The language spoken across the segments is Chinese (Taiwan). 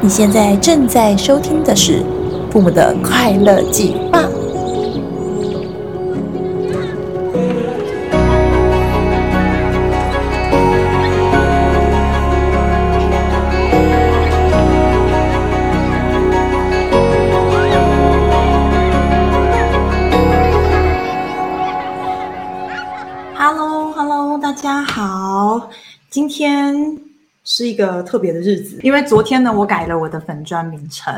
你現在正在收聽的是《父母的快樂計劃》。是一個特別的日子，因為昨天呢，我改了我的粉專名稱，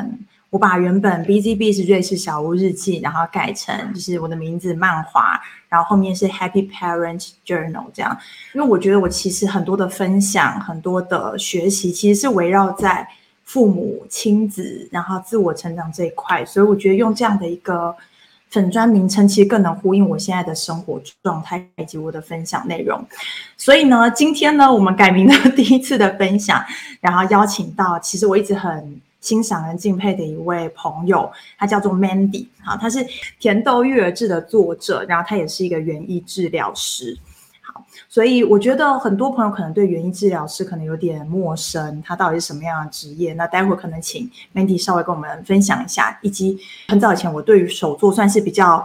我把原本 B Z B 是瑞士小屋日記，然後改成就是我的名字曼華，然後後面是 Happy Parents Journal 這樣，因為我覺得我其實很多的分享，很多的學習，其實是圍繞在父母親子，然後自我成長這一塊，所以我覺得用這樣的一個。粉專名稱其實更能呼應我現在的生活狀態以及我的分享內容，所以呢，今天呢，我們改名了第一次的分享，然後邀請到其實我一直很欣賞、跟敬佩的一位朋友，他叫做 Mandy，好，他是《甜豆育兒志》的作者，然後他也是一個園藝治療師。所以我覺得很多朋友可能對園藝治療師可能有點陌生，他到底是什麼樣的職業？那待會可能請 Mandy 稍微跟我們分享一下，以及很早以前我對於手作算是比較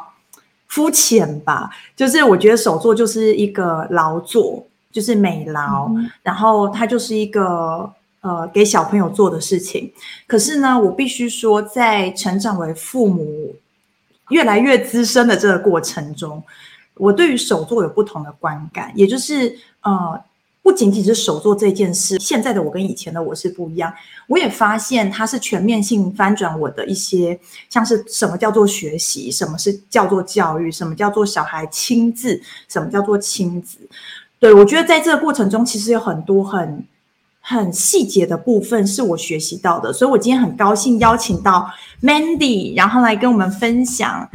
膚淺吧，就是我覺得手作就是一個勞作，就是美勞，嗯、然後它就是一個呃給小朋友做的事情。可是呢，我必須說，在成長為父母越來越資深的這個過程中，我對於手作有不同的觀感，也就是呃，不僅僅是手作這件事，現在的我跟以前的我是不一樣。我也發現它是全面性翻轉我的一些，像是什麼叫做學習，什麼是叫做教育，什麼叫做小孩親自，什麼叫做親子。對，我覺得在這個過程中，其實有很多很很細節的部分是我學習到的，所以我今天很高興邀請到 Mandy，然後來跟我們分享。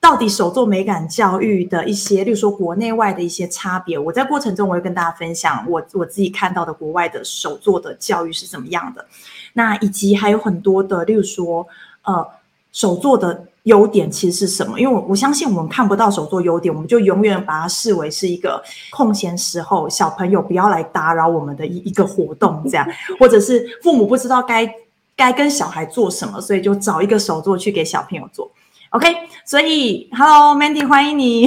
到底手作美感教育的一些，例如說國內外的一些差別，我在過程中我會跟大家分享我我自己看到的國外的手作的教育是怎麼樣的，那以及還有很多的，例如說，呃，手作的優點其實是什麼？因為我我相信我們看不到手作優點，我們就永遠把它視為是一個空閒時候，小朋友不要來打擾我們的一一個活動這樣，或者是父母不知道該該跟小孩做什麼，所以就找一個手作去給小朋友做。OK，所以 Hello Mandy，歡迎你。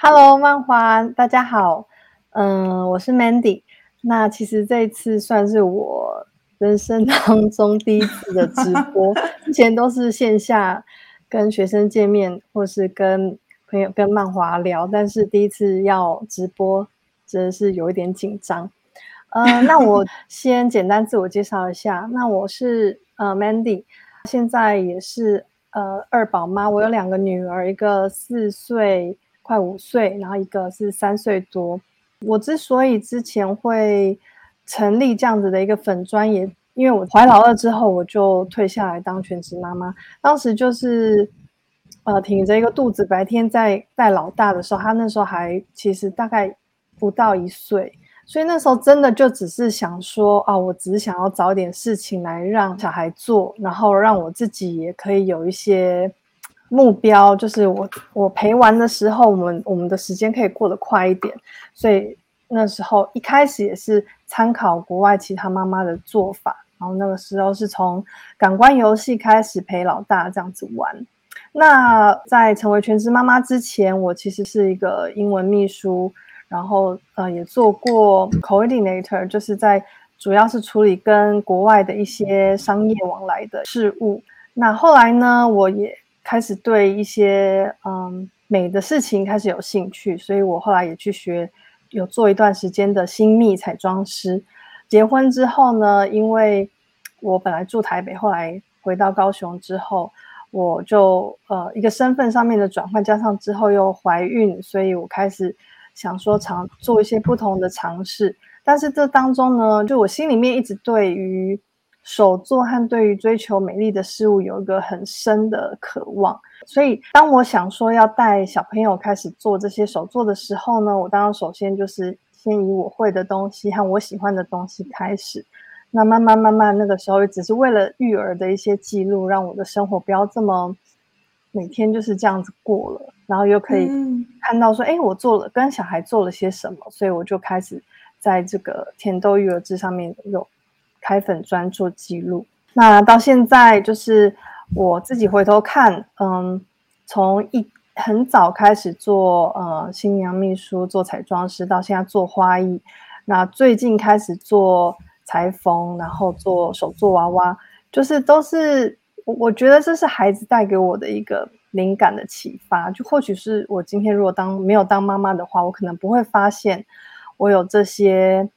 Hello 曼華，大家好。嗯，我是 Mandy。那其實這一次算是我人生當中第一次的直播， 之前都是線下跟學生見面，或是跟朋友、跟曼華聊。但是第一次要直播，真的是有一點緊張。嗯，那我先簡單自我介紹一下。 那我是呃 Mandy，現在也是。呃，二寶媽，我有兩個女兒，一個四歲快五歲，然後一個是三歲多。我之所以之前會成立這樣子的一個粉專，也因為我懷老二之後，我就退下來當全職媽媽。當時就是呃挺着一個肚子，白天在帶老大的時候，他那時候還其實大概不到一歲。所以那時候真的就只是想說啊，我只是想要找點事情來讓小孩做，然後讓我自己也可以有一些目標，就是我我陪玩的時候，我們我們的時間可以過得快一點。所以那時候一開始也是參考國外其他媽媽的做法，然後那個時候是從感官遊戲開始陪老大這樣子玩。那在成為全職媽媽之前，我其實是一個英文秘書。然後，呃，也做過 coordinator，就是在主要是處理跟國外的一些商業往來的事務。那後來呢，我也開始對一些嗯美的事情開始有興趣，所以我後來也去學，有做一段時間的新秘彩妝師。結婚之後呢，因為我本來住台北，後來回到高雄之後，我就呃一個身份上面的轉換，加上之後又懷孕，所以我開始。想說常做一些不同的嘗試，但是這當中呢，就我心裡面一直對於手作和對於追求美麗的事物有一個很深的渴望，所以當我想說要帶小朋友開始做這些手作的時候呢，我當然首先就是先以我會的東西和我喜歡的東西開始，那慢慢慢慢那個時候也只是為了育兒的一些記錄，讓我的生活不要這麼。每天就是這樣子過了，然後又可以看到說，哎、嗯欸，我做了跟小孩做了些什麼，所以我就開始在這個甜豆育兒誌上面有開粉專做記錄。那到現在就是我自己回頭看，嗯，從一很早開始做呃、嗯、新娘秘書、做彩妝師，到現在做花藝，那最近開始做裁縫，然後做手作娃娃，就是都是。我我覺得這是孩子帶給我的一個靈感的啟發，就或許是我今天如果當沒有當媽媽的話，我可能不會發現我有這些，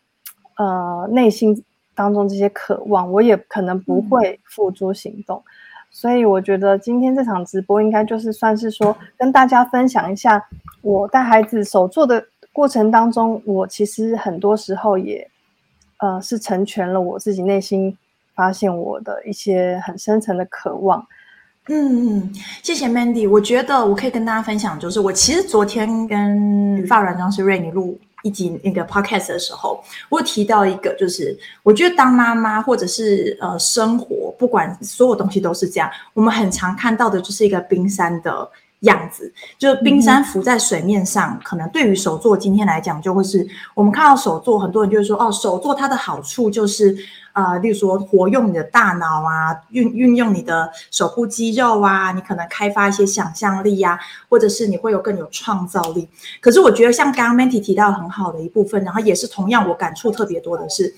呃，內心當中這些渴望，我也可能不會付諸行動。嗯。所以我覺得今天這場直播應該就是算是說跟大家分享一下，我帶孩子手作的過程當中，我其實很多時候也，呃，是成全了我自己內心。發現我的一些很深層的渴望，嗯嗯，謝謝 Mandy。我覺得我可以跟大家分享，就是我其實昨天跟法軟裝師 Rainy 錄一集那個 Podcast 的時候，我有提到一個，就是我覺得當媽媽或者是呃生活，不管所有東西都是這樣，我們很常看到的就是一個冰山的。樣子就是冰山浮在水面上。嗯嗯，可能對於手作今天來講，就會是我們看到手作很多人就是說，哦，手作它的好處就是，呃，例如說活用你的大腦啊，運運用你的手部肌肉啊，你可能開發一些想象力啊，或者是你會有更有創造力。可是我覺得像剛剛 Mandy 提到很好的一部分，然後也是同樣我感觸特別多的是，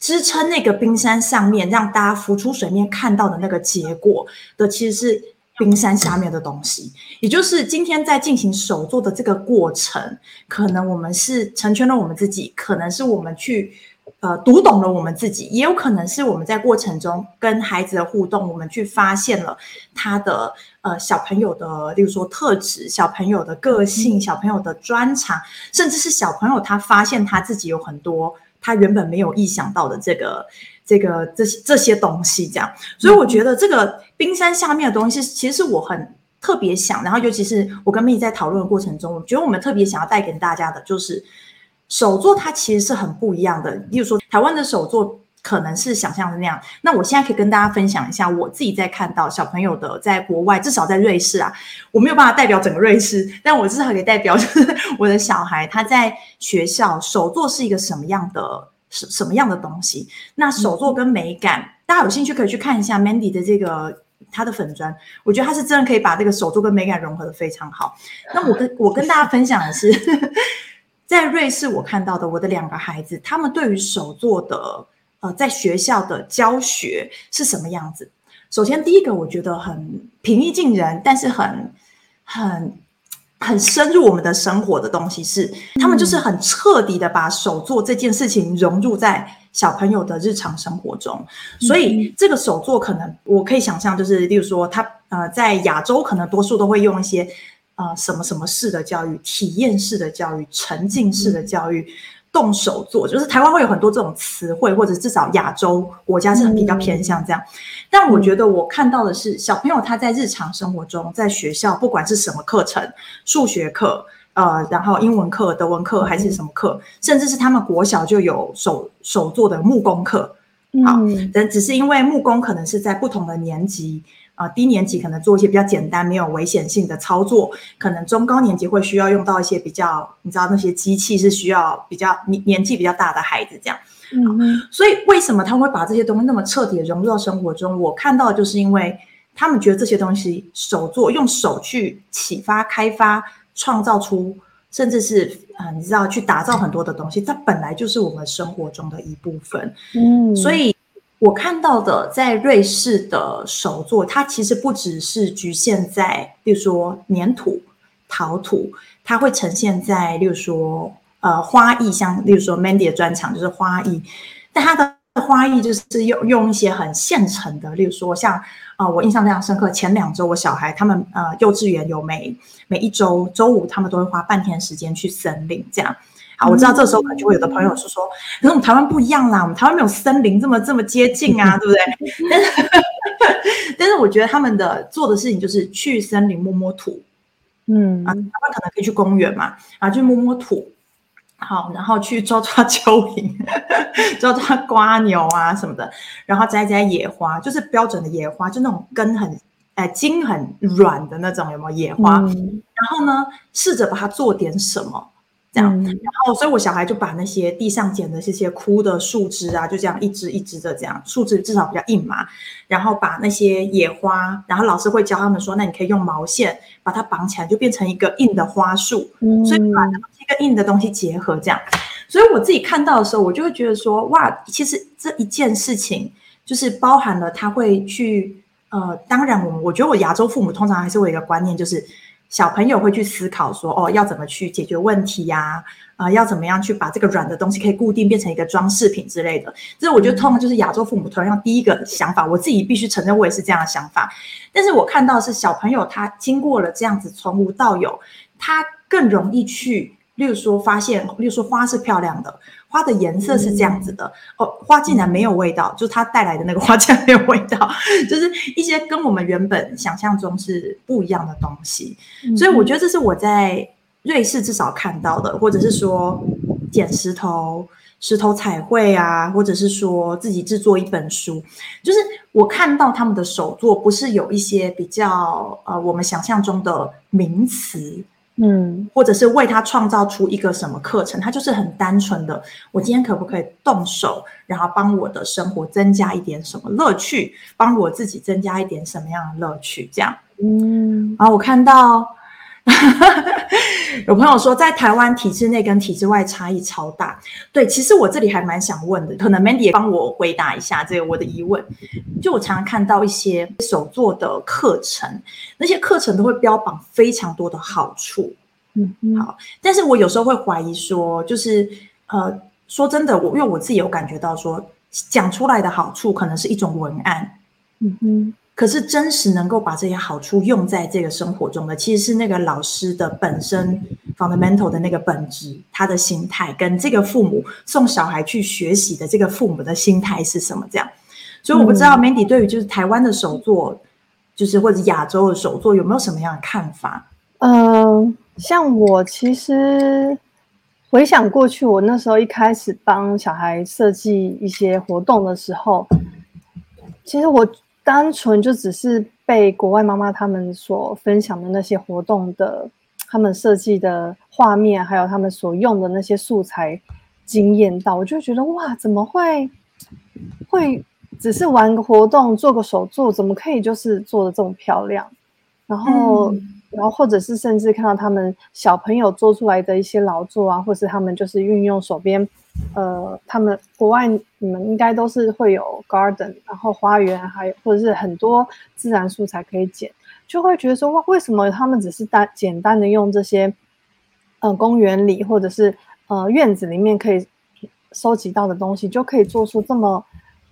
支撐那個冰山上面，讓大家浮出水面看到的那個結果的，其實是。冰山下面的東西，也就是今天在進行手作的這個過程，可能我們是成全了我們自己，可能是我們去呃讀懂了我們自己，也有可能是我們在過程中跟孩子的互動，我們去發現了他的呃小朋友的，例如說特質、小朋友的個性、嗯、小朋友的專長，甚至是小朋友他發現他自己有很多他原本沒有意想到的這個。這個這些這些東西，這樣，所以我覺得這個冰山下面的東西，其實我很特別想。然後，尤其是我跟 Mandy 在討論的過程中，我覺得我們特別想要帶給大家的，就是手作它其實是很不一樣的。例如說，台灣的手作可能是想象的那樣。那我現在可以跟大家分享一下，我自己在看到小朋友的，在國外，至少在瑞士啊，我沒有辦法代表整個瑞士，但我至少可以代表，就是我的小孩他在學校手作是一個什麼樣的。什什麼樣的東西？那手作跟美感，嗯、哼大家有興趣可以去看一下 Mandy 的這個她的粉專，我覺得她是真的可以把這個手作跟美感融合的非常好。那我跟我跟大家分享的是，是 在瑞士我看到的我的兩個孩子，他們對於手作的呃，在學校的教學是什麼樣子？首先第一個，我覺得很平易近人，但是很很。很深入我們的生活的東西是，他們就是很徹底的把手作這件事情融入在小朋友的日常生活中，所以這個手作可能我可以想象，就是例如說他呃在亞洲可能多數都會用一些呃什麼什麼式的教育、體驗式的教育、沉浸式的教育。動手做，就是台灣會有很多這種詞彙，或者至少亞洲國家是很比較偏向這樣。嗯，但我覺得我看到的是，小朋友他在日常生活中，在學校，不管是什麼課程，數學課，呃，然後英文課、德文課還是什麼課，嗯，甚至是他們國小就有手手做的木工課。嗯，好，但只是因為木工可能是在不同的年級。啊、呃，低年級可能做一些比較簡單、沒有危險性的操作，可能中高年級會需要用到一些比較，你知道那些機器是需要比較年，年紀比較大的孩子這樣。嗯，嗯，所以為什麼他們會把這些東西那麼徹底的融入到生活中？我看到的就是因為他們覺得這些東西手做、用手去啟發、開發、創造出，甚至是啊、呃，你知道去打造很多的東西，這本來就是我們生活中的一部分。嗯，所以。我看到的在瑞士的手作，它其實不只是局限在，例如說黏土、陶土，它會呈現在，例如說，呃，花藝，像例如說 Mandy 的專場就是花藝，但它的花藝就是用用一些很現成的，例如說像，啊、呃，我印象非常深刻，前兩周我小孩他們呃幼稚園有每每一周周五他們都會花半天時間去森林這樣。我知道這時候可能就會有的朋友是說，說：“那我們台灣不一樣啦，我們台灣沒有森林這麼這麼接近啊，嗯、對不對？”但是、嗯、 但是我覺得他們的做的事情就是去森林摸摸土，嗯，啊，他們可能可以去公園嘛，然、啊、後去摸摸土，好，然後去抓抓蚯蚓，抓抓蝸牛啊什麼的，然後摘摘野花，就是標準的野花，就那種根很哎莖、呃、很軟的那種，有沒有野花？嗯、然後呢，試着把它做點什麼。這樣，然後，所以我小孩就把那些地上撿的這些，些枯的樹枝啊，就這樣一枝，一枝的這樣，樹枝至少比較硬嘛。然後把那些野花，然後老師會教他們說，那你可以用毛線把它綁起來，就變成一個硬的花束。所以把這個硬的東西結合這樣，嗯，所以我自己看到的時候，我就會覺得說，哇，其實這一件事情就是包含了他會去，呃，當然我我覺得我亞洲父母通常還是我有一個觀念，就是。小朋友會去思考說，哦，要怎麼去解決問題呀？啊、啊，呃，要怎麼樣去把這個軟的東西可以固定，變成一個裝飾品之類的。這我覺得通常就是亞洲父母同樣第一個想法。我自己必須承認，我也是這樣的想法。但是我看到的是小朋友他經過了這樣子從無到有，他更容易去，例如說發現，例如說花是漂亮的。花的顏色是這樣子的哦，花竟然沒有味道，就是它帶來的那個花竟然沒有味道，就是一些跟我們原本想象中是不一樣的東西。所以我覺得這是我在瑞士至少看到的，或者是說撿石頭、石頭彩繪啊，或者是說自己制作一本書，就是我看到他們的手作不是有一些比較呃我們想象中的名詞。嗯，或者是為他創造出一個什麼課程，他就是很單純的。我今天可不可以動手，然後幫我的生活增加一點什麼樂趣，幫我自己增加一點什麼樣的樂趣？這樣，嗯，啊，我看到。 有朋友說，在台灣體制內跟體制外差異超大。對，其實我這裡還蠻想問的，可能 Mandy 也幫我回答一下這個我的疑問。就我常常看到一些手作的課程，那些課程都會標榜非常多的好處。嗯嗯。好，但是我有時候會懷疑說，就是呃，說真的，我因為我自己有感覺到說，講出來的好處可能是一種文案。嗯哼。可是真實能夠把這些好處用在這個生活中的，其實是那個老師的本身 fundamental 的那個本質，他的心態跟這個父母送小孩去學習的這個父母的心態是什麼？這樣，所以我不知道 Mandy 對於就是台灣的手作，嗯、就是或者亞洲的手作有沒有什麼樣的看法？嗯、呃，像我其實回想過去，我那時候一開始幫小孩設計一些活動的時候，其實我。單純就只是被國外媽媽他們所分享的那些活動的、他們設計的畫面，還有他們所用的那些素材，驚艷到我，我就覺得哇，怎麼會會只是玩個活動做個手作，怎麼可以就是做的這麼漂亮？然後。嗯然後，或者是甚至看到他們小朋友做出來的一些勞作啊，或者是他們就是運用手邊，呃，他們國外你們應該都是會有 garden，然後花園還有或者是很多自然素材可以撿。就會覺得說哇，為什麼他們只是單簡單的用這些，呃，公園裡或者是呃院子裡面可以收集到的東西，就可以做出這麼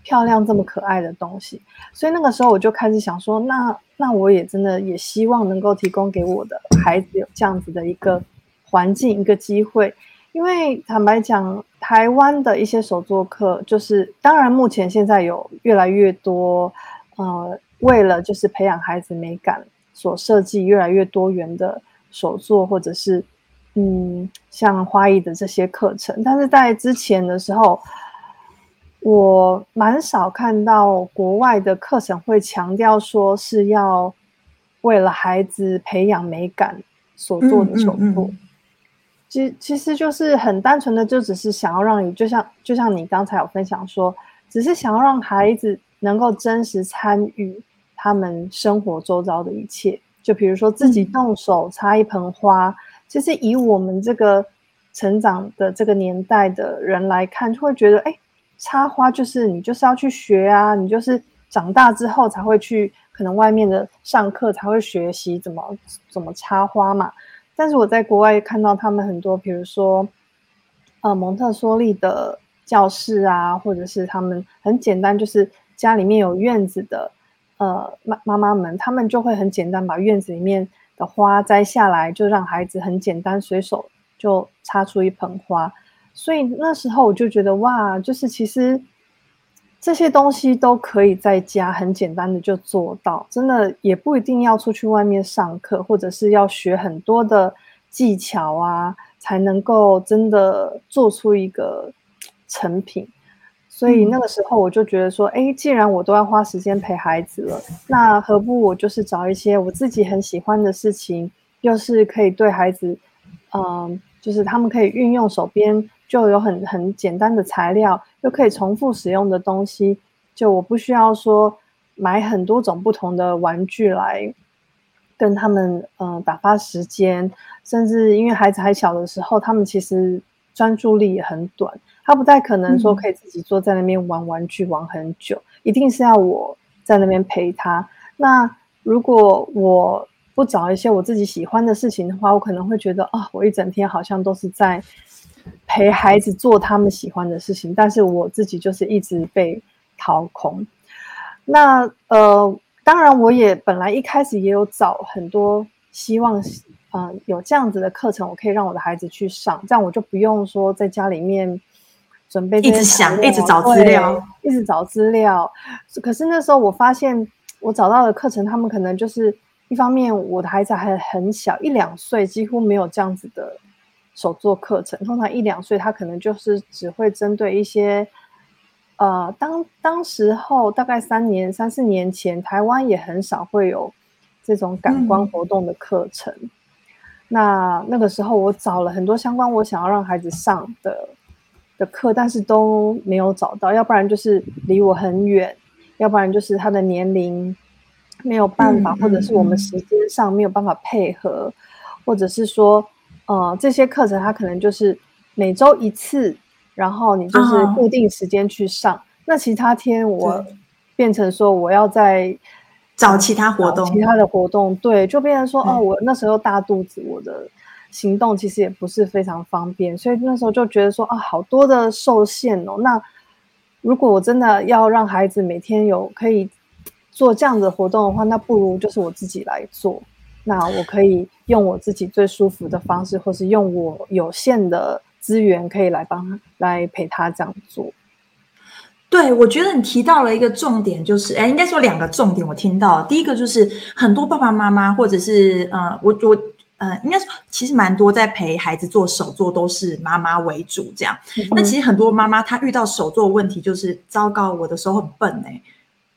漂亮、這麼可愛的東西？所以那個時候我就開始想說，那。那我也真的也希望能夠提供給我的孩子有這樣子的一個環境、一個機會，因為坦白講，台灣的一些手作課，就是當然目前現在有越來越多，呃，為了就是培養孩子美感所設計越來越多元的手作，或者是嗯，像花藝的這些課程，但是在之前的時候。我蠻少看到國外的課程會強調說是要為了孩子培養美感所做的投入，其、嗯嗯嗯、其實就是很單純的，就只是想要讓你就像就像你剛才有分享說，只是想要讓孩子能夠真實參與他們生活周遭的一切，就比如說自己動手插一盆花，其實、嗯、以我們這個成長的這個年代的人來看，就會覺得誒。插花就是你就是要去學啊，你就是長大之後才會去，可能外面的上課才會學習怎麼怎麼插花嘛。但是我在國外看到他們很多，比如說，呃，蒙特梭利的教室啊，或者是他們很簡單，就是家裡面有院子的，呃，媽媽媽們他們就會很簡單把院子裡面的花摘下來，就讓孩子很簡單隨手就插出一盆花。所以那時候我就覺得哇，就是其實這些東西都可以在家很簡單的就做到，真的也不一定要出去外面上課，或者是要學很多的技巧啊，才能夠真的做出一個成品。所以那個時候我就覺得說，嗯、誒，既然我都要花時間陪孩子了，那何不我就是找一些我自己很喜歡的事情，又、就是可以對孩子，嗯，就是他們可以運用手邊。就有很很簡單的材料，又可以重複使用的東西，就我不需要說買很多種不同的玩具來跟他們嗯、呃、打發時間，甚至因為孩子還小的時候，他們其實專注力也很短，他不太可能說可以自己坐在那邊玩玩具玩很久，嗯、一定是要我在那邊陪他。那如果我不找一些我自己喜歡的事情的話，我可能會覺得啊、哦，我一整天好像都是在。陪孩子做他們喜歡的事情，但是我自己就是一直被掏空。那呃，當然我也本來一開始也有找很多，希望嗯、呃、有這樣子的課程，我可以讓我的孩子去上，這樣我就不用說在家裡面準備這些。一直想，一直找資料，一直找資料。可是那時候我發現，我找到的課程，他們可能就是一方面我的孩子還很小，一兩歲，幾乎沒有這樣子的。手作課程，通常一兩歲，他可能就是只會針對一些，呃，當當時候大概三年三四年前，台灣也很少會有這種感官活動的課程。嗯、那那個時候，我找了很多相關我想要讓孩子上的的課，但是都沒有找到，要不然就是離我很遠，要不然就是他的年齡沒有辦法，嗯、或者是我們時間上沒有辦法配合，或者是說。哦、呃，這些課程它可能就是每週一次，然後你就是固定時間去上。啊、那其他天我變成說我要再對找，找其他活動，其他的活動對，就變成說哦對、啊，我那時候大肚子，我的行動其實也不是非常方便，所以那時候就覺得說啊，好多的受限哦。那如果我真的要讓孩子每天有可以做這樣的活動的話，那不如就是我自己來做。那我可以用我自己最舒服的方式，或是用我有限的資源，可以來幫他來陪他這樣做。對，我覺得你提到了一個重點，就是哎、欸，應該說兩個重點。我聽到第一個就是很多爸爸媽媽，或者是嗯、呃，我我呃，應該說其實蠻多在陪孩子做手作都是媽媽為主這樣。嗯、那其實很多媽媽她遇到手作問題就是糟糕，我的手很笨哎、欸。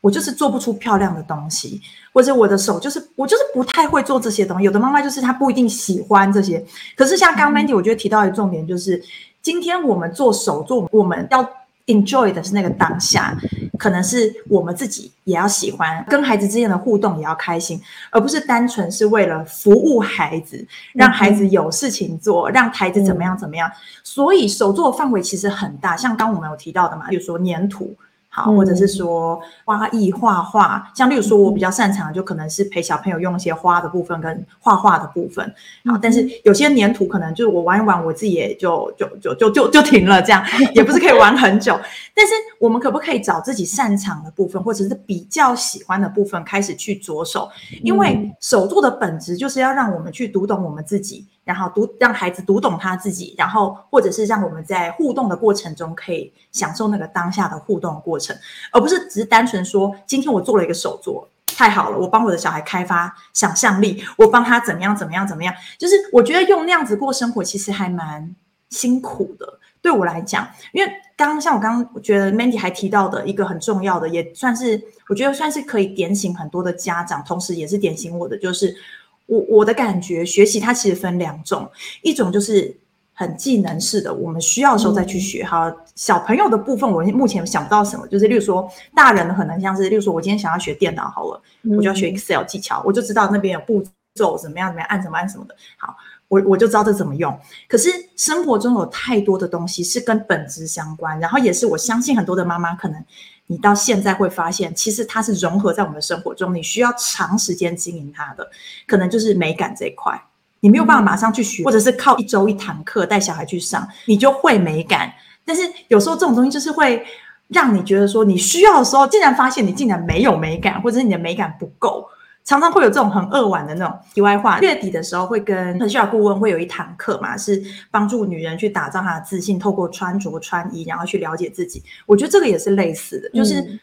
我就是做不出漂亮的東西，或者我的手就是我就是不太會做這些東西。有的媽媽就是她不一定喜歡這些。可是像剛剛 Mandy，我覺得提到一個重點就是，嗯、今天我們做手做，我們要 enjoy 的是那個當下，可能是我們自己也要喜歡，跟孩子之間的互動也要開心，而不是單純是為了服務孩子，讓孩子有事情做，嗯嗯，讓孩子怎麼樣怎麼樣。嗯、所以手作的範圍其實很大，像剛我們有提到的嘛，比如說粘土。好，或者是說花藝、畫畫，像例如說，我比較擅長的，就可能是陪小朋友用一些花的部分跟畫畫的部分。好，但是有些粘土可能就是我玩一玩，我自己也就就就就就就停了，這樣也不是可以玩很久。 但是我們可不可以找自己擅長的部分，或者是比較喜歡的部分開始去着手？因為手作的本質就是要讓我們去讀懂我們自己。然後讀讓孩子讀懂他自己，然後或者是讓我們在互動的過程中可以享受那個當下的互動過程，而不是只是單純說今天我做了一個手作，太好了，我幫我的小孩開發想象力，我幫他怎麼樣怎麼樣怎麼樣，就是我覺得用那樣子過生活其實還蠻辛苦的，對我來講，因為剛剛像我剛剛覺得 Mandy 還提到的一個很重要的，也算是我覺得算是可以點醒很多的家長，同時也是點醒我的，就是。我我的感覺，學習它其實分兩種，一種就是很技能式的，我們需要的時候再去學哈。小朋友的部分，我目前想不到什麼，就是例如說，大人可能像是，例如說，我今天想要學電腦好了，我就要學 Excel 技巧，我就知道那邊有步驟，怎麼樣怎麼樣，按怎麼按什麼的。好，我我就知道這怎麼用。可是生活中有太多的東西是跟本質相關，然後也是我相信很多的媽媽可能。你到現在會發現，其實它是融合在我們的生活中，你需要長時間經營它的，可能就是美感這一塊，你沒有辦法馬上去學，或者是靠一周一堂課帶小孩去上，你就會美感。但是有時候這種東西就是會讓你覺得說，你需要的時候，竟然發現你竟然沒有美感，或者是你的美感不夠。常常會有這種很扼腕的那種題外話。月底的時候會跟 HR 顧問會有一堂課嘛，是幫助女人去打造她的自信，透過穿着、穿衣，然後去了解自己。我覺得這個也是類似的，就是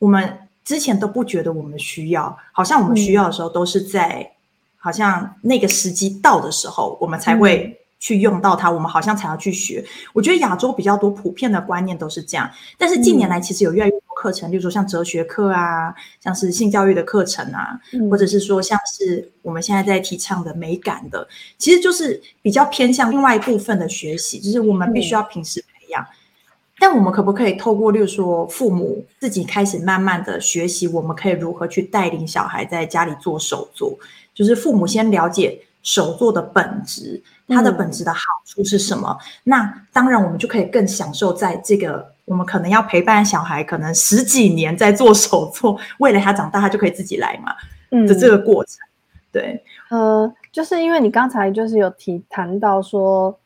我們之前都不覺得我們需要，好像我們需要的時候都是在、嗯、好像那個時機到的時候，我們才會。去用到它，我們好像才要去學。我覺得亞洲比較多普遍的觀念都是這樣，但是近年來其實有越來越多課程，嗯、例如說像哲學課啊，像是性教育的課程啊，嗯、或者是說像是我們現在在提倡的美感的，其實就是比較偏向另外一部分的學習，就是我們必須要平時培養。嗯、但我們可不可以透過，例如說父母自己開始慢慢的學習，我們可以如何去帶領小孩在家裡做手作，就是父母先了解。手作的本質，它的本質的好處是什麼？嗯、那當然，我們就可以更享受在這個我們可能要陪伴小孩可能十幾年在做手作，為了他長大他就可以自己來嘛、嗯、的這個過程。對，呃，就是因為你剛才就是有提談到說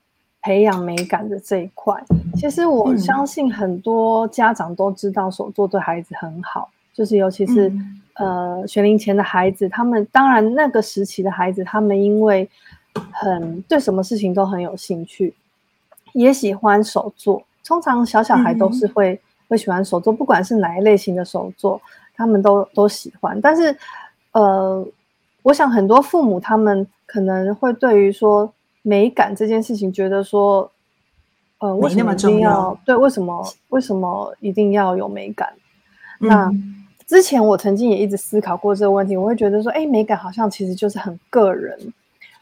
培養美感的這一塊，其實我相信很多家長都知道手作對孩子很好，就是尤其是、嗯。呃，學齡前的孩子，他們當然那個時期的孩子，他們因為很對什麼事情都很有興趣，也喜歡手作。通常小小孩都是會、嗯、哼會喜歡手作，不管是哪一類型的手作，他們都都喜歡。但是，呃，我想很多父母他們可能會對於說美感這件事情，覺得說，呃，為什麼一定要，要對？為什麼為什麼一定要有美感？嗯、那？之前我曾經也一直思考過這個問題，我會覺得說，哎，美感好像其實就是很個人，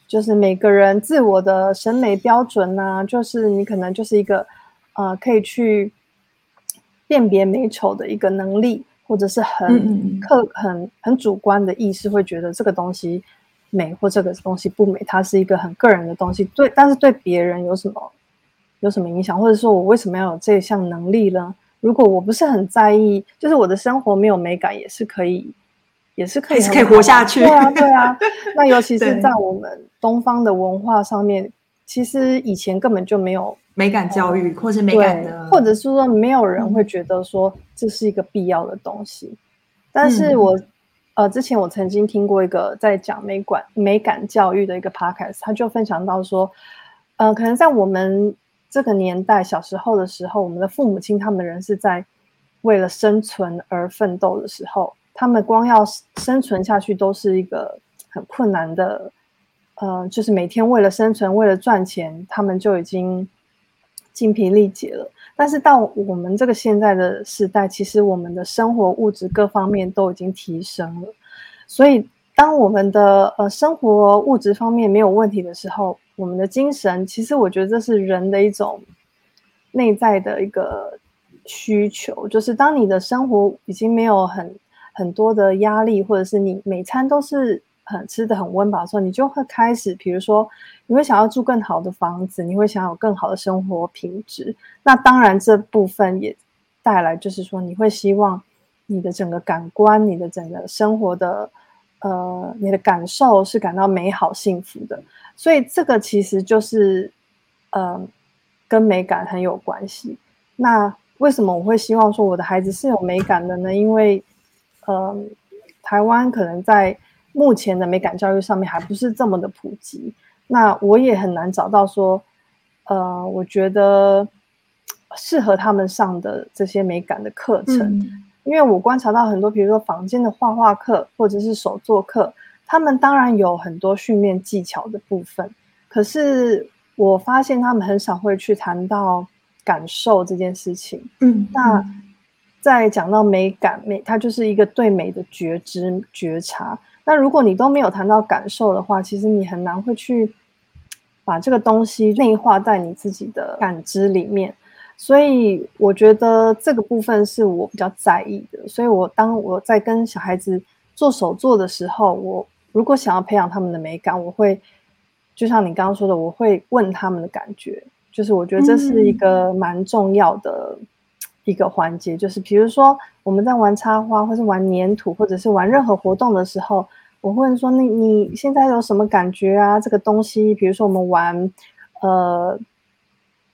就是每個人自我的審美標準啊，就是你可能就是一個，呃，可以去辨別美醜的一個能力，或者是很客、嗯嗯嗯很很主觀的意識，會覺得這個東西美或這個東西不美，它是一個很個人的東西。對，但是對別人有什麼有什麼影響，或者說我為什麼要有這項能力呢？如果我不是很在意，就是我的生活沒有美感，也是可以，也是可以，也是可以活下去。對啊，對啊。那尤其是在我們東方的文化上面， 對其實以前根本就沒有美感教育，嗯、或者是美感的，或者是說沒有人會覺得說這是一個必要的東西。嗯、但是我呃，之前我曾經聽過一個在講美感、美感教育的一個 podcast，他就分享到說，呃，可能在我們。這個年代，小時候的時候，我們的父母親他們人是在為了生存而奮鬥的時候，他們光要生存下去都是一個很困難的，呃，就是每天為了生存、為了賺錢，他們就已經精疲力竭了。但是到我們這個現在的時代，其實我們的生活物質各方面都已經提升了，所以當我們的呃生活物質方面沒有問題的時候，我們的精神，其實我覺得這是人的一種內在的一個需求，就是當你的生活已經沒有很很多的壓力，或者是你每餐都是很吃得很溫飽的時候，你就會開始，比如說你會想要住更好的房子，你會想要有更好的生活品質。那當然這部分也帶來，就是說你會希望你的整個感官，你的整個生活的。呃，你的感受是感到美好、幸福的，所以這個其實就是，嗯、呃，跟美感很有關係。那為什麼我會希望說我的孩子是有美感的呢？因為，呃，台灣可能在目前的美感教育上面還不是這麼的普及，那我也很難找到說，呃，我覺得適合他們上的這些美感的課程。嗯因為我觀察到很多，比如說房間的畫畫課或者是手作課，他們當然有很多訓練技巧的部分，可是我發現他們很少會去談到感受這件事情。嗯，那在、嗯、講到美感美，它就是一個對美的覺知覺察。那如果你都沒有談到感受的話，其實你很難會去把這個東西內化在你自己的感知裡面。所以我覺得這個部分是我比較在意的，所以我當我在跟小孩子做手作的時候，我如果想要培養他們的美感，我會就像你剛剛說的，我會問他們的感覺，就是我覺得這是一個蠻重要的一個環節，嗯、就是比如說我們在玩插花，或是玩黏土，或者是玩任何活動的時候，我會說你你現在有什麼感覺啊？這個東西，比如說我們玩，呃。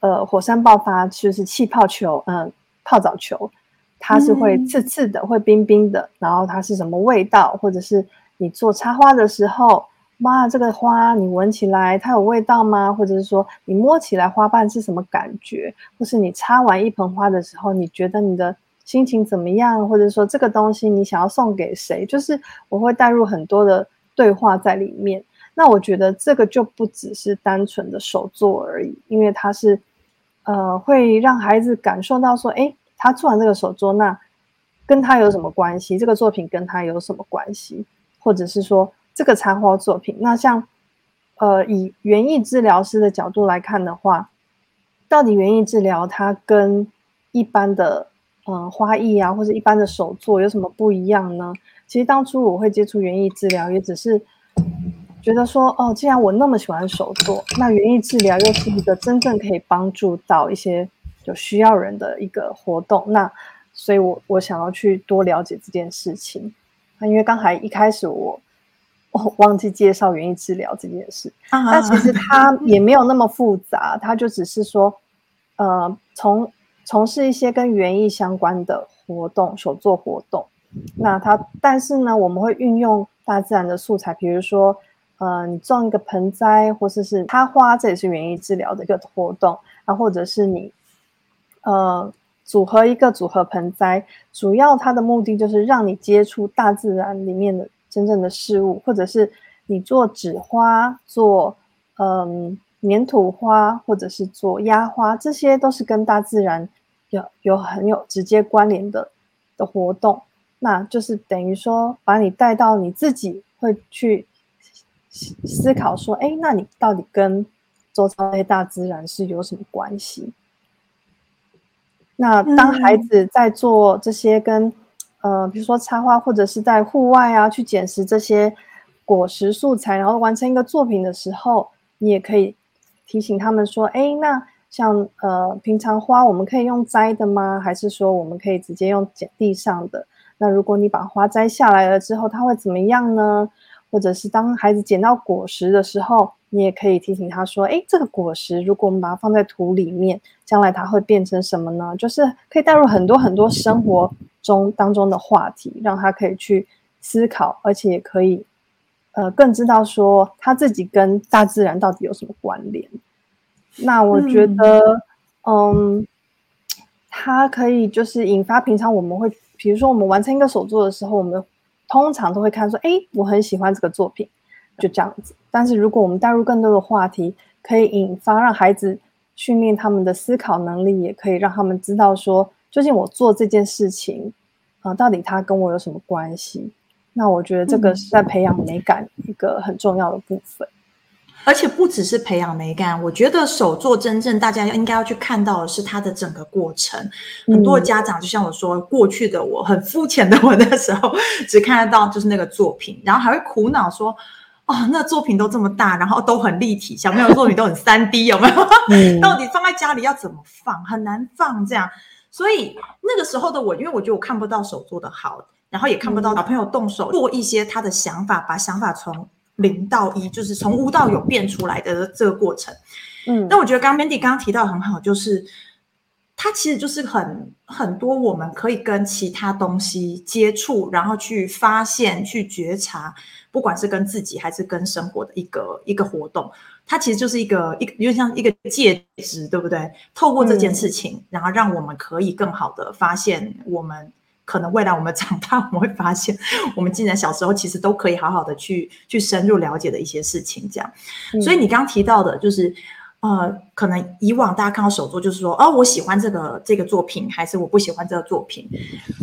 呃，火山爆發就是氣泡球，嗯、呃，泡澡球，它是會刺刺的，嗯、會冰冰的。然後它是什麼味道？或者是你做插花的時候，哇，這個花你聞起來它有味道嗎？或者是說你摸起來花瓣是什麼感覺？或者是你插完一盆花的時候，你覺得你的心情怎麼樣？或者是說這個東西你想要送給誰？就是我會帶入很多的對話在裡面。那我覺得這個就不只是單純的手作而已，因為它是。呃，會讓孩子感受到說，哎，他做完這個手作，那跟他有什麼關係？這個作品跟他有什麼關係？或者是說，這個插花作品，那像呃，以園藝治療師的角度來看的話，到底園藝治療它跟一般的呃花藝啊，或者一般的手作有什麼不一樣呢？其實當初我會接觸園藝治療，也只是。覺得說哦，既然我那麼喜歡手作，那園藝治療又是一個真正可以幫助到一些有需要人的一個活動，那所以我，我我想要去多了解這件事情。啊、因為剛才一開始我我、哦、忘記介紹園藝治療這件事，那、uh huh. 其實它也沒有那麼複雜，它就只是說，呃，從從事一些跟園藝相關的活動、手作活動。那它，但是呢，我們會運用大自然的素材，比如說。嗯、呃，你種一個盆栽，或者是插花，這也是園藝治療的一個活動。啊，或者是你，呃，組合一個組合盆栽，主要它的目的就是讓你接觸大自然裡面的真正的事物。或者是你做紙花，做嗯呃粘土花，或者是做壓花，這些都是跟大自然有有很有直接關聯的的活動。那就是等於說把你帶到你自己會去。思考說：“誒，那你到底跟周遭那些大自然是有什麼關係？那當孩子在做這些跟、嗯、呃，比如說插花，或者是在戶外啊去撿拾這些果實素材，然後完成一個作品的時候，你也可以提醒他們說：‘誒，那像呃平常花我們可以用摘的嗎？還是說我們可以直接用撿地上的？那如果你把花摘下來了之後，它會怎麼樣呢？’”或者是當孩子撿到果實的時候，你也可以提醒他說：“誒，這個果實，如果我們把它放在土裡面，將來它會變成什麼呢？”就是可以帶入很多很多生活中當中的話題，讓他可以去思考，而且也可以呃更知道說他自己跟大自然到底有什麼關聯。那我覺得，嗯，嗯，它可以就是引發平常我們會，比如說我們完成一個手作的時候，我們。通常都會看說，哎，我很喜歡這個作品，就這樣子。但是如果我們帶入更多的話題，可以引發讓孩子訓練他們的思考能力，也可以讓他們知道說，究竟我做這件事情，呃，到底他跟我有什麼關係？那我覺得這個是在培養美感一個很重要的部分。嗯而且不只是培養美感，我覺得手作真正大家要應該要去看到的是它的整個過程。很多家長就像我說，嗯、過去的我很膚淺的，我那時候只看得到就是那個作品，然後還會苦惱說，哦，那作品都這麼大，然後都很立體，小朋友作品都很 3D 有沒有？嗯、到底放在家裡要怎麼放，很難放這樣。所以那個時候的我，因為我覺得我看不到手做的好的，然後也看不到小朋友動手做一些他的想法，把想法從。零到一就是從無到有變出來的這個過程，嗯，那我覺得剛 Mandy 剛剛提到很好，就是它其實就是很很多我們可以跟其他東西接觸，然後去發現、去覺察，不管是跟自己還是跟生活的一個一個活動，它其實就是一個一個，就像一個介質，對不對？透過這件事情，嗯、然後讓我們可以更好的發現我們。可能未來我們長大，我們會發現，我們竟然小時候其實都可以好好的去去深入了解的一些事情。這樣，嗯，所以你剛剛提到的就是，呃，可能以往大家看到手作就是說，哦，我喜歡這個這個作品，還是我不喜歡這個作品。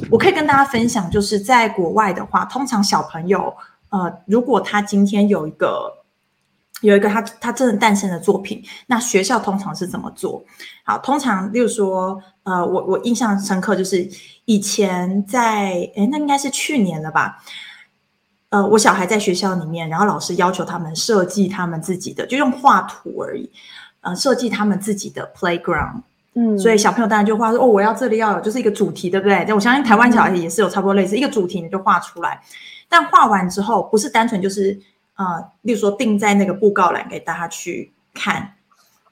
我可以跟大家分享，就是在國外的話，通常小朋友，呃，如果他今天有一個。有一個他他真的誕生的作品，那學校通常是怎麼做？好，通常就是說，呃，我我印象深刻就是以前在欸，那應該是去年了吧？呃，我小孩在學校裡面，然後老師要求他們設計他們自己的，就用畫圖而已，呃，設計他們自己的 playground。嗯，所以小朋友當然就畫說，哦，我要這裡要有就是一個主題，對不對？但我相信台灣小孩也是有差不多類似一個主題，你就畫出來。但畫完之後，不是單純就是。啊、呃，例如說定在那個布告欄，給大家去看，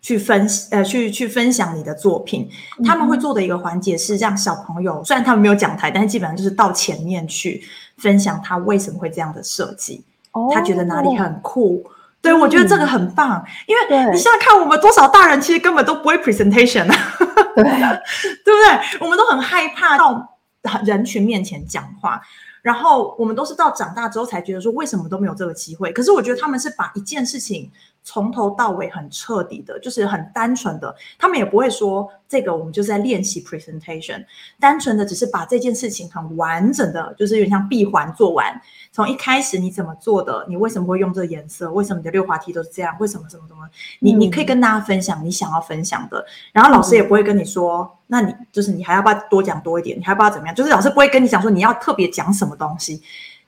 去分析、呃，去去分享你的作品。他們會做的一個環節是讓小朋友，嗯、哼雖然他們沒有講台，但是基本上就是到前面去分享他為什麼會這樣的設計，哦、他覺得哪裡很酷。對，我覺得這個很棒，因為你現在看我們多少大人其實根本都不會 presentation 啊，對， 對不對？我們都很害怕到人群面前講話。然後我們都是到長大之後才覺得說，為什麼都沒有這個機會。可是我覺得他們是把一件事情從頭到尾很徹底的，就是很單純的，他們也不會說這個我們就是在練習 presentation，單純的只是把這件事情很完整的，就是有點像閉環做完，從一開始你怎麼做的？你為什麼會用這個顏色？為什麼你的溜滑梯都是這樣？為什麼什麼什麼？你、嗯、你可以跟大家分享你想要分享的。然後老師也不會跟你說，嗯、那你就是你還要不要多講多一點？你還不知道怎麼樣？就是老師不會跟你講說你要特別講什麼東西，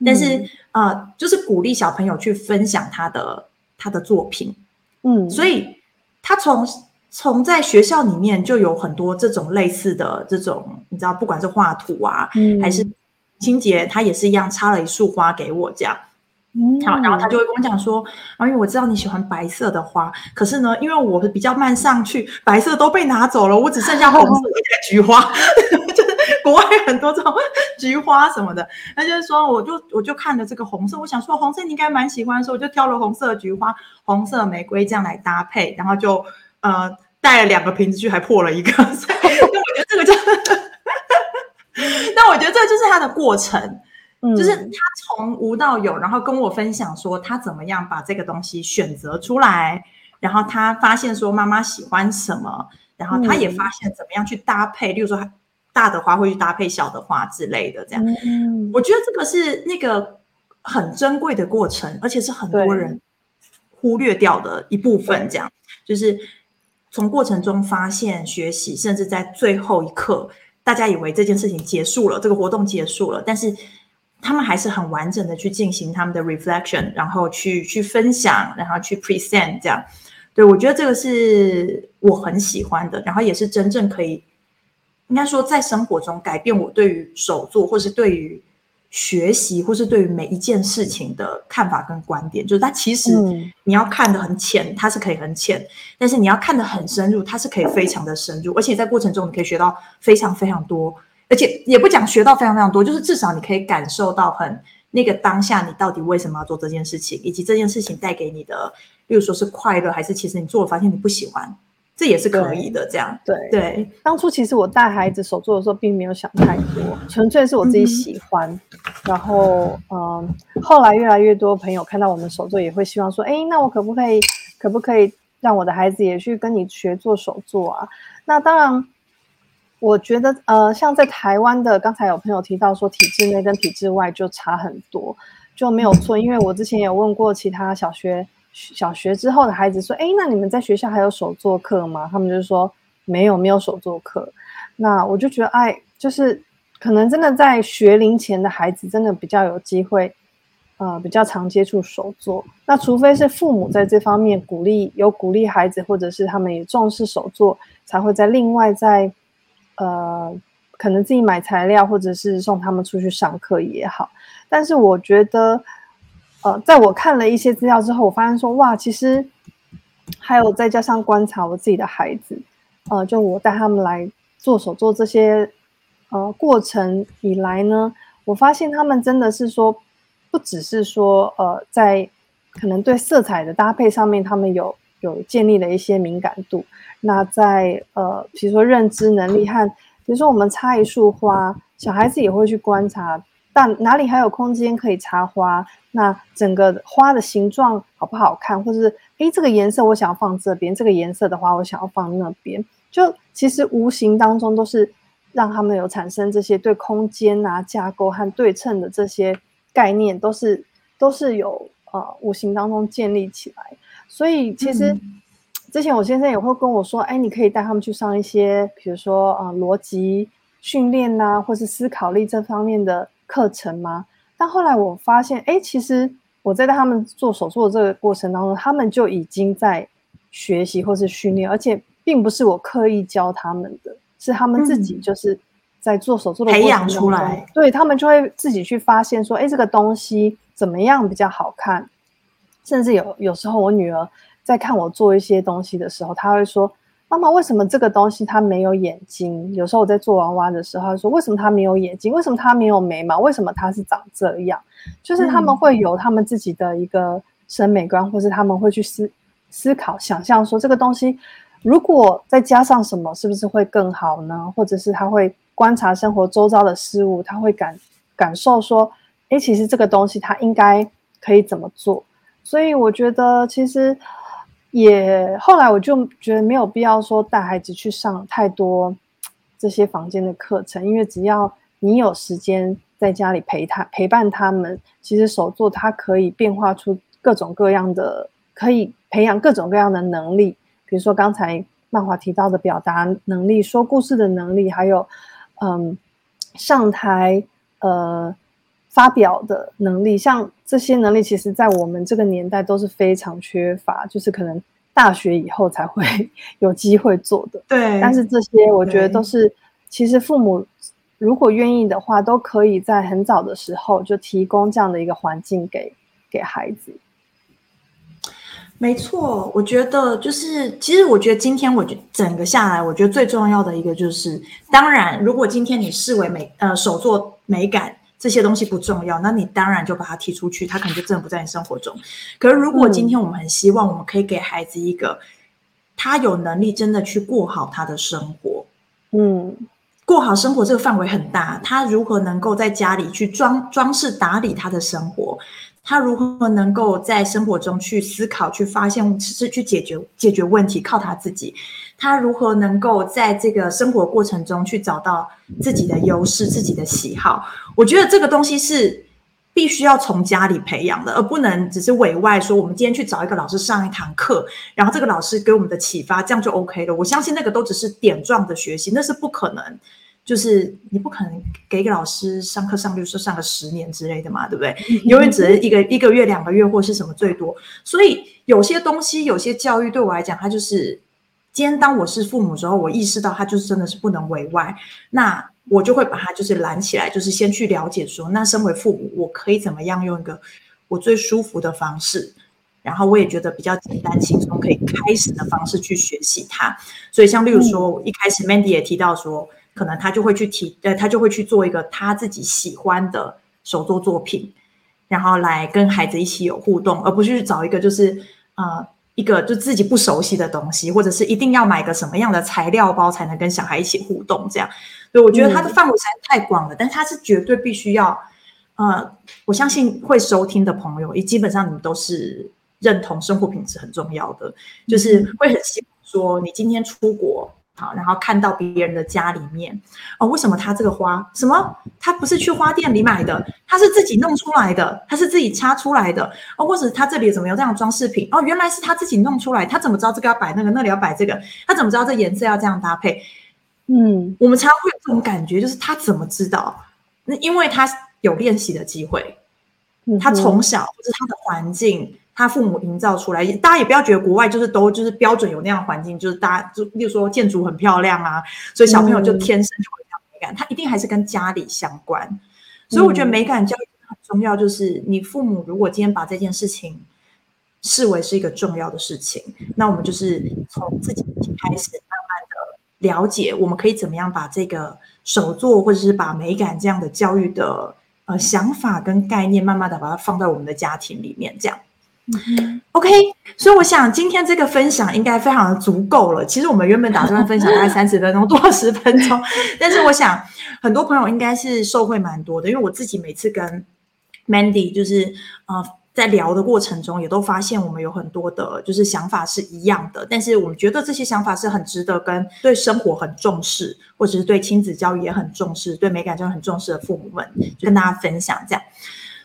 但是啊、嗯呃，就是鼓勵小朋友去分享他的他的作品，嗯，所以他從從在學校裡面就有很多這種類似的這種，你知道，不管是畫圖啊，嗯，還是。清潔，他也是一樣插了一束花給我，這樣，好，然後他就會跟我講說，啊，因為我知道你喜歡白色的花，可是呢，因為我比較慢上去，白色都被拿走了，我只剩下紅色的菊花， 就是國外很多這種菊花什麼的，他就是說，我就我就看了這個紅色，我想說紅色你應該蠻喜歡，所以我就挑了紅色菊花、紅色玫瑰這樣來搭配，然後就呃帶了兩個瓶子去，還破了一個，所以 就我覺得這個就。 那我覺得這就是他的過程，嗯、就是他從無到有，然後跟我分享說他怎麼樣把這個東西選擇出來，然後他發現說媽媽喜歡什麼，然後他也發現怎麼樣去搭配，嗯、例如說大的花會去搭配小的花之類的，這樣。嗯嗯、我覺得這個是那個很珍貴的過程，而且是很多人忽略掉的一部分。這樣，就是從過程中發現、學習，甚至在最後一刻。大家以為這件事情結束了，這個活動結束了，但是他們還是很完整的去進行他們的 reflection，然後去去分享，然後去 present 這樣。對，我覺得這個是我很喜歡的，然後也是真正可以，應該說在生活中改變我對於手作，或是對於。學習或是對於每一件事情的看法跟觀點，就是它其實你要看得很淺，它是可以很淺；但是你要看得很深入，它是可以非常的深入。而且在過程中，你可以學到非常非常多，而且也不講學到非常非常多，就是至少你可以感受到很那個當下，你到底為什麼要做這件事情，以及這件事情帶給你的，例如說是快樂，還是其實你做了發現你不喜歡。這也是可以的，這樣對對。對，當初其實我帶孩子手作的時候，並沒有想太多， 純粹是我自己喜歡。嗯嗯。然後，嗯、呃，後來越來越多朋友看到我們手作，也會希望說：“誒，那我可不可以，可不可以讓我的孩子也去跟你學做手作啊？”那當然，我覺得，呃，像在台灣的，剛才有朋友提到說，體制內跟體制外就差很多，就沒有錯。因為我之前也問過其他小學。小學之後的孩子說：“哎，那你們在學校還有手作課嗎？”他們就說：“沒有，沒有手作課。”那我就覺得，哎，就是可能真的在學齡前的孩子，真的比較有機會，呃，比較常接觸手作。那除非是父母在這方面鼓勵，有鼓勵孩子，或者是他們也重視手作，才會在另外在，呃，可能自己買材料，或者是送他們出去上課也好。但是我覺得，呃，在我看了一些資料之後，我發現說哇，其實還有再加上觀察我自己的孩子，呃，就我帶他們來做手作這些，呃，過程以來呢，我發現他們真的是說，不只是說呃，在可能對色彩的搭配上面，他們有有建立了一些敏感度。那在呃，比如說認知能力，和比如說我們插一束花，小孩子也會去觀察。哪裡還有空間可以插花？那整個花的形狀好不好看，或是誒，這個顏色我想要放這邊，這個顏色的花我想要放那邊，就其實無形當中都是讓他們有產生這些對空間啊、架構和對稱的這些概念都，都是都是有呃無形當中建立起來。所以其實之前我先生也會跟我說，誒，你可以帶他們去上一些，比如說啊、呃，邏輯訓練啊，或是思考力這方面的。課程嗎？但後來我發現，哎、欸，其實我在帶他們做手作的這個過程當中，他們就已經在學習或是訓練，而且並不是我刻意教他們的，是他們自己就是在做手作的過程中，培養出來。對，他們就會自己去發現說，哎、欸，這個東西怎麼樣比較好看，甚至有有時候我女兒在看我做一些東西的時候，她會說。媽媽，為什麼這個東西它沒有眼睛？有時候我在做娃娃的時候，他說，為什麼它沒有眼睛？為什麼它沒有眉毛？為什麼它是長這樣？就是他們會有他們自己的一個審美觀，嗯、或者他們會去思思考、想象，說這個東西如果再加上什麼，是不是會更好呢？或者是他會觀察生活周遭的事物，他會感感受說，誒、欸，其實這個東西它應該可以怎麼做。所以我覺得其實。也後來我就覺得沒有必要說帶孩子去上太多這些房間的課程，因為只要你有時間在家裡陪他、陪伴他們，其實手作它可以變化出各種各樣的，可以培養各種各樣的能力，比如說剛才曼華提到的表達能力、說故事的能力，還有嗯上台呃。發表的能力，像這些能力，其實在我們這個年代都是非常缺乏，就是可能大學以後才會有機會做的，對，但是這些我覺得都是，對其實父母如果願意的話，都可以在很早的時候就提供這樣的一個環境給給孩子。沒錯，我覺得就是，其實我覺得今天我覺整個下來，我覺得最重要的一個就是，當然，如果今天你視為美，呃，手作美感，這些東西不重要，那你當然就把他踢出去，他可能就真的不在你生活中。可是如果今天我們很希望，我們可以給孩子一個，嗯，他有能力真的去過好他的生活，嗯，過好生活這個範圍很大，他如何能夠在家裡去裝裝飾打理他的生活？他如何能夠在生活中去思考、去發現、是去解決解決問題，靠他自己。他如何能夠在這個生活過程中去找到自己的優勢、自己的喜好？我覺得這個東西是必須要從家裡培養的，而不能只是委外說我們今天去找一個老師上一堂課，然後這個老師給我們的啟發，這樣就 OK 了。我相信那個都只是點狀的學習，那是不可能。就是你不可能給個老師上課上，比如說上個十年之類的嘛，對不對？永遠只是一個一個月、兩個月，或是什麼最多。所以有些東西，有些教育對我來講，它就是今天當我是父母的時候，我意識到它就是真的是不能為外，那我就會把它就是攬起來，就是先去了解說，那身為父母，我可以怎麼樣用一個我最舒服的方式，然後我也覺得比較簡單輕鬆可以開始的方式去學習它。所以像例如說，我一開始 Mandy 也提到說。可能他就會去提，呃，他就會去做一個他自己喜歡的手作作品，然後來跟孩子一起有互動，而不是去找一個就是啊、呃、一個就自己不熟悉的東西，或者是一定要買個什麼樣的材料包才能跟小孩一起互動這樣。所以我覺得他的範圍實在太廣了，嗯、但他是絕對必須要，呃，我相信會收聽的朋友，也基本上你們都是認同生活品質很重要的，就是會很希望說你今天出國。好，然後看到別人的家裡面哦，為什麼他這個花什麼？他不是去花店裡買的，他是自己弄出來的，他是自己插出來的哦，或者他這裡怎麼有這樣裝飾品哦？原來是他自己弄出來，他怎麼知道這個要擺那個，那裡要擺這個？他怎麼知道這顏色要這樣搭配？嗯，我們常常會有這種感覺，就是他怎麼知道？那因為他有練習的機會，他從小就、嗯、哼是他的環境。他父母營造出來，大家也不要覺得國外就是都就是標準有那樣的環境，就是大家就例如說建築很漂亮啊，所以小朋友就天生就有美感，嗯、他一定還是跟家裡相關。所以我覺得美感教育真的很重要，就是你父母如果今天把這件事情視為是一個重要的事情，那我們就是從自己開始，慢慢的了解我們可以怎麼樣把這個手作或者是把美感這樣的教育的呃想法跟概念，慢慢的把它放在我們的家庭裡面，這樣。OK，所以我想今天這個分享應該非常的足夠了。其實我們原本打算分享大概三十分鐘 多十分鐘，但是我想很多朋友應該是受惠蠻多的，因為我自己每次跟 Mandy 就是、呃、在聊的過程中，也都發現我們有很多的就是想法是一樣的。但是我們覺得這些想法是很值得跟對生活很重視，或者是對親子教育也很重視，對美感教育很重視的父母們，就跟大家分享這樣。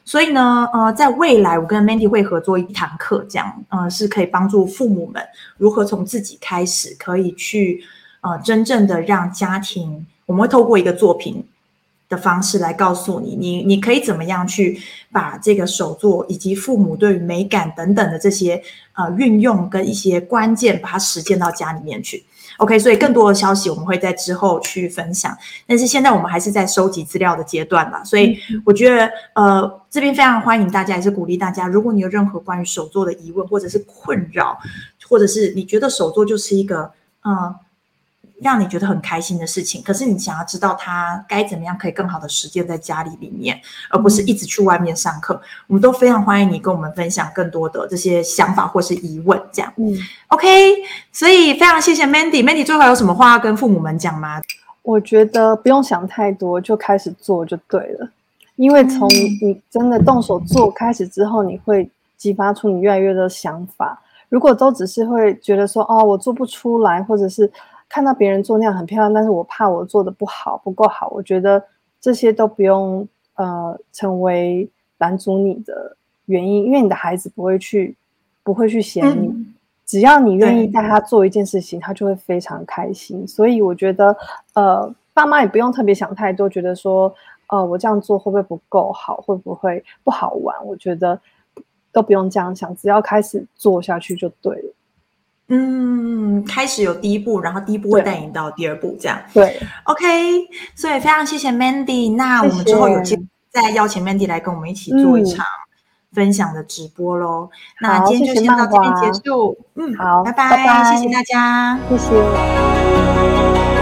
所以呢，呃，在未來我跟 Mandy 會合作一堂課，這樣，呃，是可以幫助父母們如何從自己開始，可以去，呃，真正的讓家庭，我們會透過一個作品的方式來告訴你，你你可以怎麼樣去把這個手作以及父母對於美感等等的這些，呃，運用跟一些關鍵，把它實踐到家裡面去。OK，所以更多的消息我們會在之後去分享，但是現在我們還是在收集資料的階段吧，所以我覺得，呃，這邊非常歡迎大家，也是鼓勵大家，如果你有任何關於手作的疑問，或者是困擾，或者是你覺得手作就是一個，嗯、呃，讓你覺得很開心的事情，可是你想要知道他該怎麼樣可以更好的實踐在家裡裡面，而不是一直去外面上課，嗯、我們都非常歡迎你跟我們分享更多的這些想法或是疑問，這樣，嗯，OK，所以非常謝謝 Mandy，Mandy Mandy, 最後有什麼話要跟父母們講嗎？我覺得不用想太多，就開始做就對了，因為從你真的動手做開始之後，你會激發出你越來越多的想法。如果都只是會覺得說，哦，我做不出來，或者是看到別人做那樣很漂亮，但是我怕我做得不好，不夠好。我覺得這些都不用，呃，成為攔阻你的原因，因為你的孩子不會去，不會去嫌你。嗯、只要你願意帶他做一件事情，他就會非常開心。嗯、所以我覺得，呃，爸媽也不用特別想太多，覺得說，呃，我這樣做會不會不夠好，會不會不好玩？我覺得都不用這樣想，只要開始做下去就對了。嗯，開始有第一步，然後第一步會帶你到第二步，這樣。對，對，OK，所以非常謝謝 Mandy，謝那我們之後有機會再邀請 Mandy 來跟我們一起做一場分享的直播咯。嗯，那今天就先到這邊結束，謝謝，嗯，好，拜拜，拜拜謝謝大家，謝謝。拜拜。